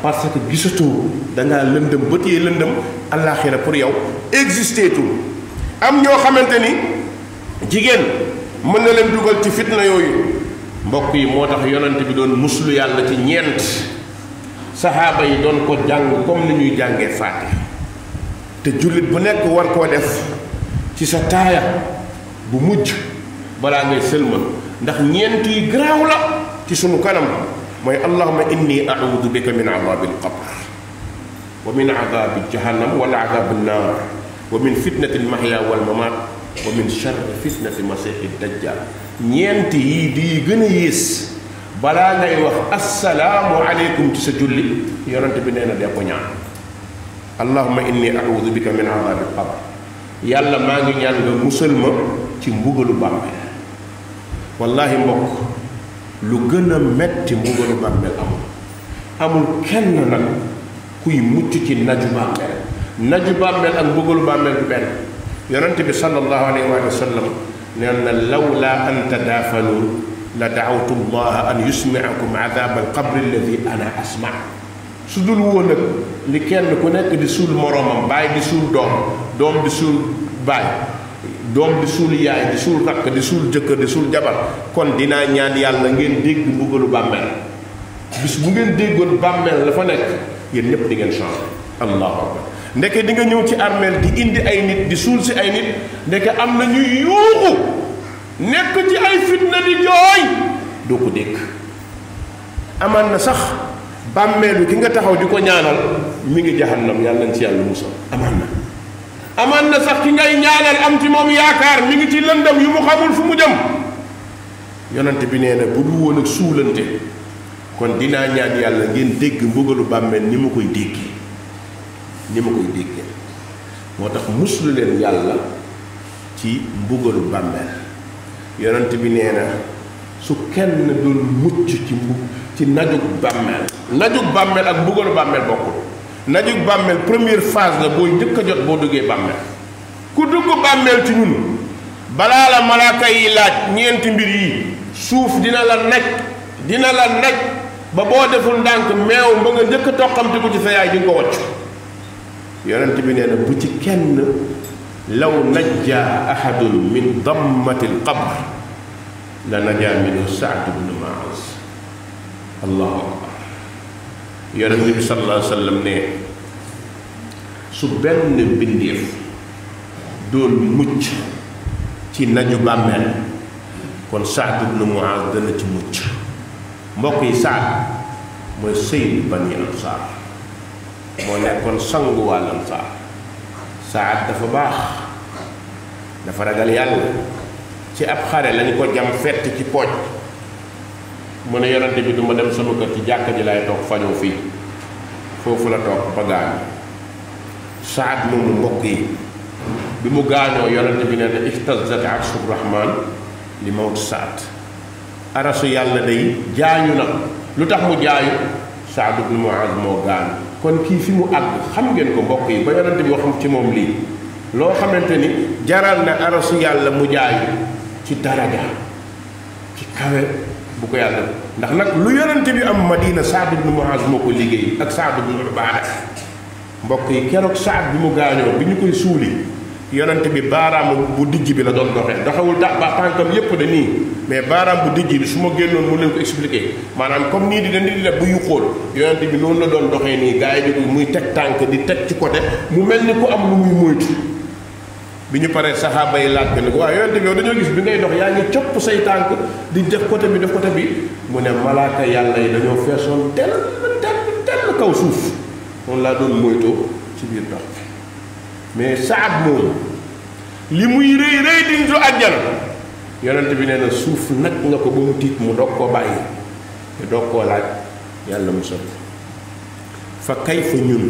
parce que gisatoo da ngaa lëndëm bët yee lëndëm àllaaxira pour yow existé am ñoo xamante ni jigéen mën na leen dugal ci fitna yooyu mbokk yi moo tax yonant bi doon muslu yàlla ci ñeent saxaaba yi doon ko jàng kom ni ñuy jàngee faatiha te jullit bu nekk war koo def ci sa taaya bu mujj balaa ngay sëlmal ndax ñeent yi garaaw la ci sunu kanam. moy allahumma inni a'udhu bika min al-qabr wa min adabi jahannam wa wala an-nar wa min fitnati al-mahya wal mamat wa min sharri fitnati masih ad dajjal ñent yi di gëna yées bala ngay wax assalamu alaykum ci sa julli yonent bi neena de ko ñaan allahumma inni a'udhu bika min al-qabr yàlla ma ngi ñaan nga musulma ci mbugalu bàmbe wallahi mbokk lu gën a metti mbugalu bàmmeel amul amul kenn nag kuy mucc ci naju bàmmeel naju bàmmeel ak mbugalu bàmmeel du benn yonent bi sallallahu alayhi wa sallam neen na lawla an tadaafanuun la daawtu llaha an yusmiakum adab alqabri alladi ana asma su dul woon nag li kenn ku nekk di suul moroomam bàyyi di suul doom doom di suul bàyyi dom di suul yaay di ke rakk di suul jëkkër di suul jabar kon dinaa ñaan yàlla ngeen dégg mbugalu bàmmeel bis bu ngeen déggoon bàmmeel la fa nekk yéen ñëpp di ngeen changé allahu akbar ndeke di nga ñëw ci armeel di indi ay nit di suul si ay nit ndeke am na ñuy yuuxu nekk ci ay fitna di jooy doo ko dégg amaan na sax bàmmeelu ki nga taxaw di ko ñaanal mi ngi jahannam yàlla ci yàlla musal na amaan na sax ki ngay ñaanal am ci moom yaakaar mi ngi ci lëndam yu mu xamul fu mu dem yonent bi nee na bu du woon ak suulante kon dinaa ñaan yàlla ngeen dégg mbugalu bàmmeel ni ma koy déggee ni ma koy déggee moo tax muslu leen yàlla ci mbugalu bàmmeel yonent bi nee na su kenn doon mucc ci mbu ci najug bàmmeel najug bàmmeel ak mbugalu bàmmeel bokkul naju bàmmeel première phase la boy njëkk jot bo duggee bàmmeel ku dugg bàmmeel ci ñun bala la malaka yi laaj ñent mbir yi suuf dina la nek dina la nek ba bo deful ndànk meew ba nga njëkk a toqamte ko ci sa yaay di ko wàcc yonent bi neena bu ci kenn law najja ahad min dammati alqabr la najja min sa'd ibn ma'az الله akbar يرن النبي صلى الله عليه وسلم ني سو بن بنديف دون موتي تي ناجو بامل كون سعد بن معاذ دنا تي موتي موكي سعد موي سيد بني الانصار من نيكون سانغو الانصار سعد دا فباخ دا فرغال يالله تي اب خاري لا نكو جام فيت بوج mu ne yonent bi du ma dem sama kër ci jàkka ji lay toog fañoo fii foofu la toog ba gaañu saat moomu mbokk yi bi mu gaañoo yonent bi ne ne ihtazat arsu rahman li mawt saat arasu yàlla day jaañu na lu tax mu jaayu Saad ibn Muaz moo gaañu kon kii fi mu àgg xam ngeen ko mbokk yi ba yonent bi waxam ci moom lii loo xamante ni jaral na arasu yàlla mu jaayu ci daraja ci kawe bu ko yàlla ndax nag lu yonente bi am madina Saad ibn Muaz moo ko liggéey ak Saad ibn Ubaada mbokk yi keroog Saad bi mu gaañoo bi ñu koy suuli yonente bi baaraam bu dijj bi la doon doxee doxewul tax ba da nii mais baaraam bu dijj bi su ma génnoon mu leen ko expliqué maanaam comme nii di da nit di def bu yu xóol yonente bi noonu la doon doxee nii gars yi di muy teg tànk di teg ci côté mu mel ni ku am lu muy moytu bi ñu paree saxaaba yi laaj ko ni ko waaw yonente bi yow dañoo gis bi ngay dox yaa ngi copp say tànk di def côté bi def côté bi mu ne malaaka yàlla yi dañoo feesoon tel tel tel kaw suuf moom laa doon moytoo ci biir dox bi mais saab moom li muy rëy rëy diñ su àjjana yonente bi nee na suuf nag nga ko ba mu tiit mu dog koo bàyyi te doog koo laaj yàlla mu sot fa kay fa ñun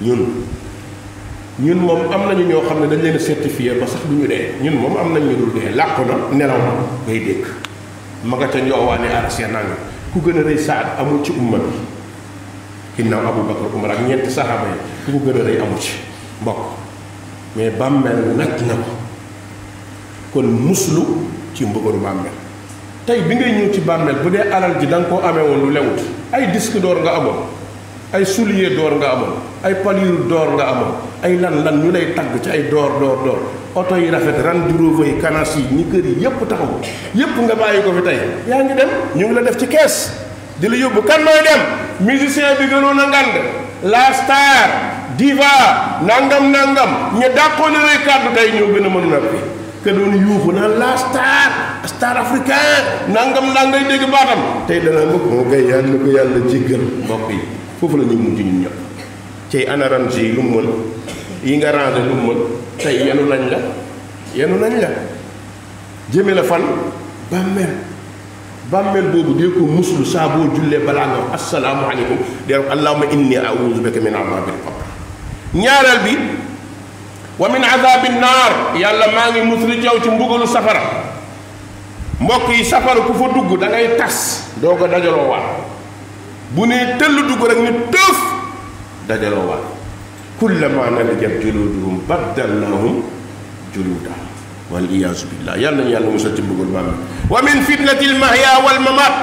ñun ñun moom am nañu ñoo xam ne dañ leen a certifié ba sax du ñu dee ñun moom am nañ ñu dul dee làkk na nelaw na ngay dégg ma nga ca njoowaane arasee nanga ku gën a rëy saad amul ci umma bi ginnaaw abou bakar umar ak ñetti saxaaba yi ku ko gën a rëy amu ci mbokk mais bàmmeel nag na ko kon muslu ci mbëggalu bàmmeel tey bi ngay ñëw ci bàmmeel bu dee alal ji danga nga koo amee woon lu lewut ay disque d'or nga amoon ay soulier door nga amoon ay paliru door nga amoon ay lan lan ñu lay tagg ci ay dor door door oto yi rafet ran duróofa yi kanas yi ñi yépp taxaw yépp nga bàyyi ko fi tey yaa ngi dem ñu la def ci kees di la yóbbu kan mooy dem musicien bi gënoon a ngand la star diva nangam nangam ñu dàqoon lay kàddu tey ñoo gën a mën noppi ke doon yuuxu naan la star star africain nangam nangay dégg baatam tey dana mbokk moo koy yàlla ko yàlla jéggal mbokk yi foofu la ñu mujj ñun ñëpp tey ana range yi lu mu mën yi nga range lu mu mën tey yenu nañ la yenu nañ la jëme la fan bàmmeel bàmmeel boobu dee ko muslu saa boo balaa nga assalaamu aleykum dee ko allahuma inni auzu bika min azaabil qabr ñaareel bi wa min azaabil naar yàlla maa ngi muslu jaw ci mbugalu safara mbokk yi safara ku fa dugg da tas doo ko dajaloo waat bu ne tëll dugg rek ñu tëf dajaloo waat kullama nadijat juluuduhum baddalnaahum juluudan wal iyaazu billah yàlla nañu yàlla musal ci mbugal bàmmeel wa min fitnati l mahya wal mamat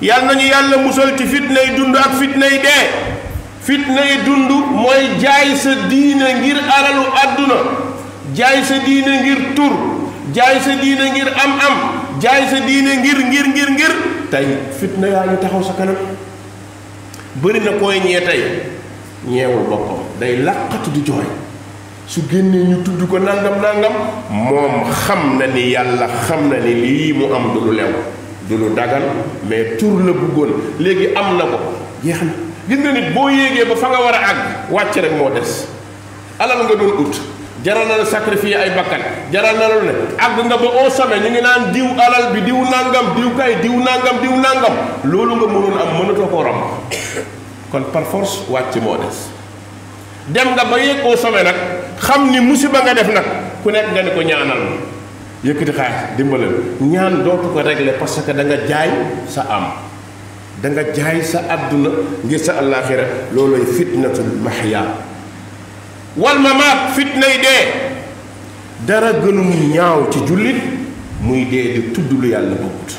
yàlla musal ci fitna yi dund ak fitna yi dee fitna yi dund mooy jaay sa diina ngir alalu àdduna jaay sa diina ngir tur jaay sa diina ngir am-am jaay sa diina ngir ngir ngir tey fitna yaa ngi taxaw sa kanam bëri na ñee tey ñeewul boppam day làqatu di jooy su génnee ñu tudd ko nangam nangam moom xam na ni yàlla xam na ni lii mu am du lu lew du lu dagal mais tur la bëggoon léegi am na ko jeex na gis nga nit boo yéegee ba fa nga war a àgg wàcc rek moo des alal nga doon ut jaral na la sacrifier ay bakkan jaral na la ne àgg nga ba au sommet ñu ngi naan diw alal bi diw nangam diw kay diw nangam diw nangam loolu nga mënoon am mënatoo koo romb kon par force wàcc moo des dem nga ba yëg au sommet nag xam ni musiba nga def nag ku nekk nga ni ko ñaanal yëkkati xaalis dimbalal ñaan dootu ko régler parce que da nga jaay sa am da nga jaay sa àdduna ngir sa looloy fitnatul mahya wal mamaat fitnay dee dara gënul ñaaw ci jullit muy dee di tudd lu yàlla bëggut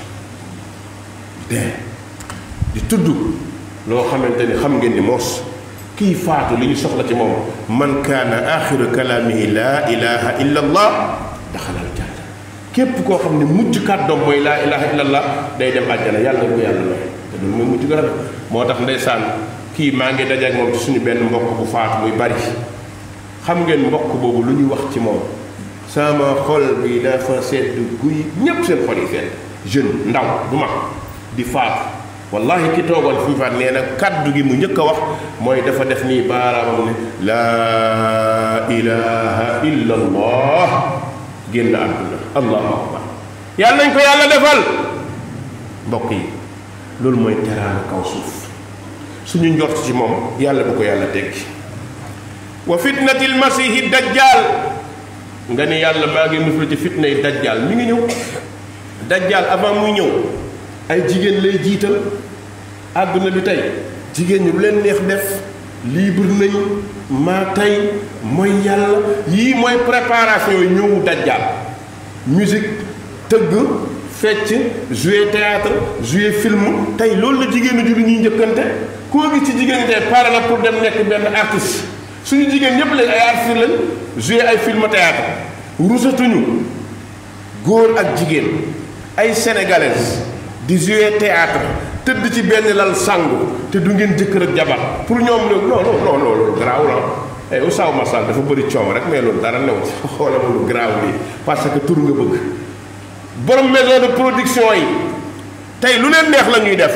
dee di tudd lo xamanteni xam ngeen ni mos ki faatu li ñu soxla ci mom man kana akhiru kalaamihi la ilaha illa allah dakhala jaana képp koo xam ne mujj kaddo moy la ilaha illa allah day dem àjjana yàlla ko yàlla lo te loolu mooy mujj garab motax ndaysan ki ma maa dajje ak mom ci suñu ben mbokk bu faatu muy bari xam ngeen mbokk bobu lu ñu wax ci mom sama xol bi da fa sedd guuy ñépp seen xol yi seen jeune ndaw du ma di faatu wallahi ki toogal fi mu nee na kaddu gi mu njëkk a wax mooy dafa def nii baaraamam ne laa ilaha illa génn àdduna allahu akbar yàlla nañ ko yàlla defal mbokk yi loolu mooy teraanga kaw suuf suñu njort ci moom yàlla bu ko yàlla teggi wa fitnati almasihi dajjal nga ne yàlla maa ngi muslu ci fitna yi dajjal mi ngi ñëw dajjal avant muy ñëw ay jigéen lay jiital àdduna bi tey jigéen ñi lu leen neex def libre nañ maa tey mooy yàlla yii mooy préparation yi ñëw dajjaal musique tëgg fecc jouer théâtre jouer film tey loolu la jigéenu julli ñuy njëkkante koo gis ci jigéen ñi tey pare na pour dem nekk benn artiste suñu jigéen ñëpp lañ ay artiste lañ jouer ay film théâtre rusatuñu góor ak jigéen ay sénégalaises di jouer théâtre tëdd ci benn lal sangu te du ngeen jëkkër ak jabar pour ñoom loolu non non non loolu garaaw la ay dafa bëri coow rek mais loolu dara new ci xoolal lu garaaw lii parce que tur nga bëgg borom maison production yi tey lu leen neex la ñuy def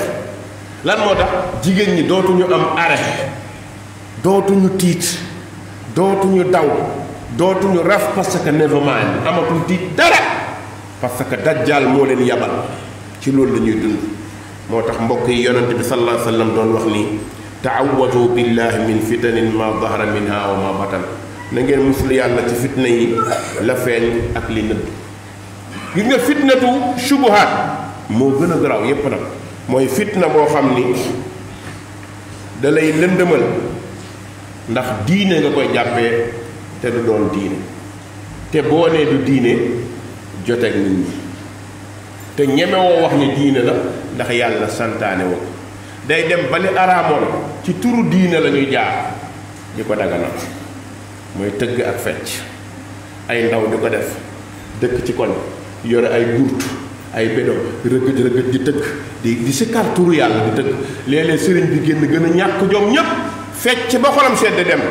lan moo tax jigéen ñi dootuñu am arrêt dootuñu tiit dootuñu daw dootuñu raf parce que never mind amatul tiit dara parce que dajjal moo leen yabal ci lool la dund moo tax mbokk yi yonent bi sallallahu alayhi wa sallam doon wax nii taawadu billahi min fitanin ma dahara minha wa ma batan na ngeen musul yàlla ci fitna yi la feeñ ak li nëbb gis nga fitnatu shubuhaat moo gën a garaw yépp nag mooy fitna boo xam ni da lay lëndëmal ndax diine nga koy jàppee te du doon diine te boo du diine joteeg nit ñi te ñemewoo wax ni diine la ndax yàlla santaane day dem ba li araamoon ci turu diine la ñuy jaar di ko daganal mooy tëgg ak fecc ay ndaw di ko def dëkk ci koñ yore ay guurt ay bédo rëgëj rëgëj di tëgg di di sikkar turu yàlla di tëgg léeg-léeg sëriñ bi génn gën a ñàkk jom ñépp fecc ba xolam sedd dem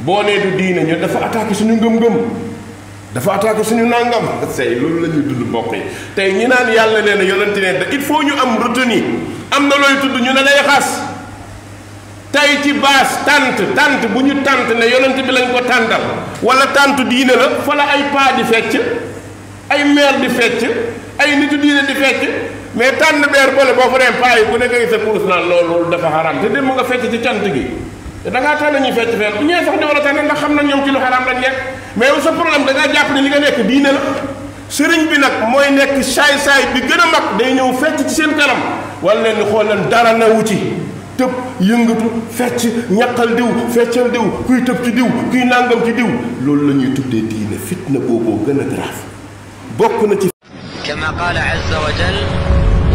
boo nee du diine ñu dafa attaqué suñu ngëm-ngëm dafa attaqué suñu nangam say loolu la ñuy dund mbokk yi tey ñi naan yàlla nee na yonente ne il faut ñu am retenue am na looy tudd ñu ne lay xas tey ci baas tant tant bu ñu tant ne yonent bi lañ ko tàntal wala tant diine la fa ay paa di fecc ay meer di fecc ay nitu diine di fecc mais tànn beer boole boo fa dem paa yi ku nekk sa kurus naan loolu dafa xaram te dem mu nga fecc ci cant gi da ngaa tànn ñuy fecc fenn bu ñëwee sax di war a tànn ndax xam na ñoom ci lu xaraam lañ nekk mais sa problème da jàpp ne li nga nekk diine la sëriñ bi nag mooy nekk saay-saay bi gën a mag day ñëw fecc ci seen kanam wala leen ni xool leen dara newu ci tëb yëngatu fecc ñaqal diw feccal diw kuy tëb ci diw kuy nàngam ci diw loolu la ñuy tuddee diine fitna booboo gën a grave bokk na ci kama qaala azza wa jal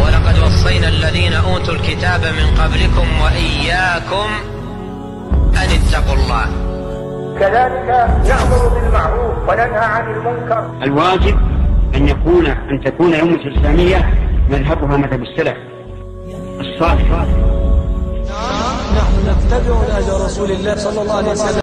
wa laqad wassayna alladina utu alkitaba min qablikum wa iyyakum أن اتقوا الله كذلك نأمر بالمعروف وننهى عن المنكر الواجب أن يكون أن تكون أمة الإسلامية مذهبها مذهب السلف الصالح نحن نتبع الأجر رسول الله صلى الله عليه وسلم